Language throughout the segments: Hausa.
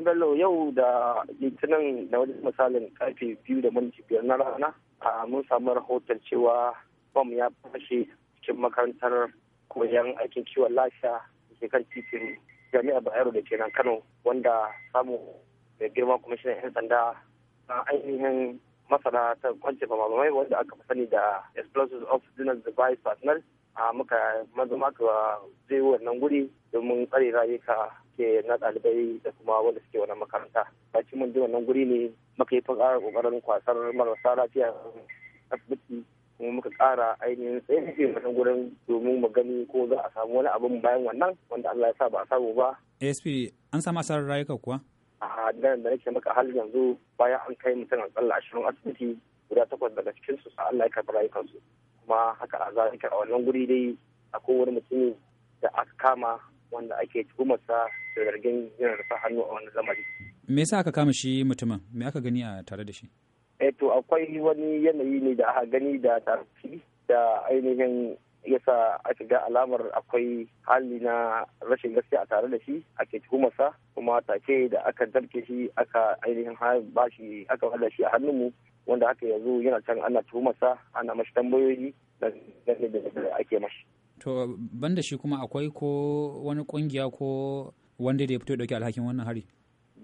Bello yau da litinin da wajen misalin karfe biyu da minti biyar na rana mun samu rahoton cewa bom ya fashe cikin makarantar koyon aikin kiwon lafiya da ke kan titin jami'ar bayero da ke nan kano wanda samu mai girma kwamishinan 'yan sanda na ainihin masana ta kwance mamamai wanda aka fi sani da explosives of dinar device partners a muka mazama ka zai wannan guri domin tsare rayuka ke na ɗalibai da kuma wanda suke wani makaranta bakin mun je wannan guri ne muka yi ƙara kokarin kwasar marasa lafiya asibiti kuma muka ƙara ainihin tsaye wannan gurin domin mu gani ko za a samu wani abin bayan wannan wanda Allah ya sa ba a samu ba. ASP an samu asarar rayuka kuwa? A nan da nake maka hali yanzu bayan an kai mutum tsalla ashirin asibiti guda takwas daga cikin su sa Allah ya karɓi rayukansu kuma haka a zalika a wannan guri dai a wani mutumi da aka kama wanda ake tuhumarsa da zargin yana da hannu a wani lamari. Me yasa aka kama shi mutumin? Me aka gani a tare da shi? Eh to akwai wani yanayi ne da aka gani da tarihi da ainihin yasa aka ga alamar akwai hali na rashin gaskiya a tare da shi ake tuhumarsa kuma take da aka zarge shi aka ainihin ba shi aka bada shi a hannun hannunmu wanda haka yanzu yana can ana tuhumarsa ana mashi tambayoyi da ake mashi. to banda shi kuma akwai ko wani kungiya ko wanda da ya fito dauki alhakin wannan hari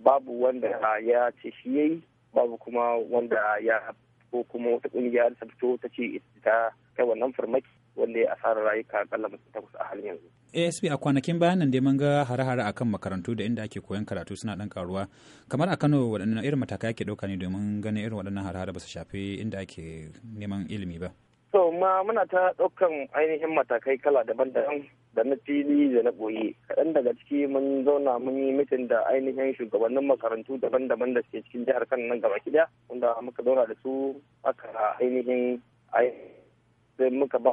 babu wanda ya ce shi yayi babu kuma wanda ya ko kuma wata kungiya ta fito ta ce ta kai wannan farmaki wanda ya asarar rayuka kallon mutum takwas a halin yanzu asp a kwanakin bayanan nan dai mun ga hare-hare a kan makarantu da inda ake koyon karatu suna dan karuwa kamar a kano waɗannan irin matakai ake ɗauka ne domin ganin irin waɗannan hare-hare ba su shafi inda ake neman ilimi ba So ma muna ta ɗaukan ainihin matakai kala daban-daban da na fili da na ɓoye. Kaɗan daga ciki mun zauna mun yi mitin da ainihin shugabannin makarantu daban-daban da suke cikin jihar kan nan gaba kiɗa wanda muka zauna da su aka ainihin sai muka ba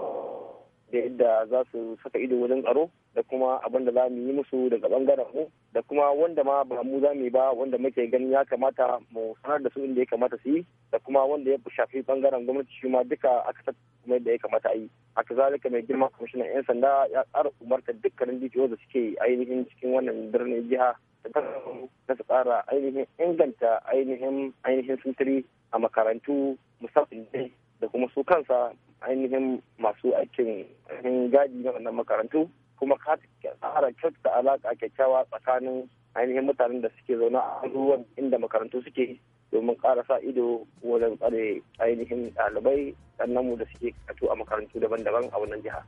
da yadda za su saka ido wajen tsaro da kuma abin da za mu yi musu daga bangaren mu da kuma wanda ma ba mu za mu ba wanda muke ganin ya kamata mu sanar da su inda ya kamata su yi da kuma wanda ya shafi bangaren gwamnati shi ma duka aka sa kuma yadda ya kamata a yi haka zalika mai girma kwamishinan yan sanda ya tsara umartar dukkanin dto da suke ainihin cikin wannan birnin jiha da su tsara ainihin inganta ainihin ainihin sintiri a makarantu musamman da kuma su kansa ainihin masu aikin ainihin gadi na wannan makarantu kuma ka tsara kyautata alaƙa kyakkyawa tsakanin ainihin mutanen da suke zaune a ruwan inda makarantu suke domin ƙara sa ido wajen tsare ainihin ɗalibai mu da suke katu a makarantu daban-daban a wannan jiha.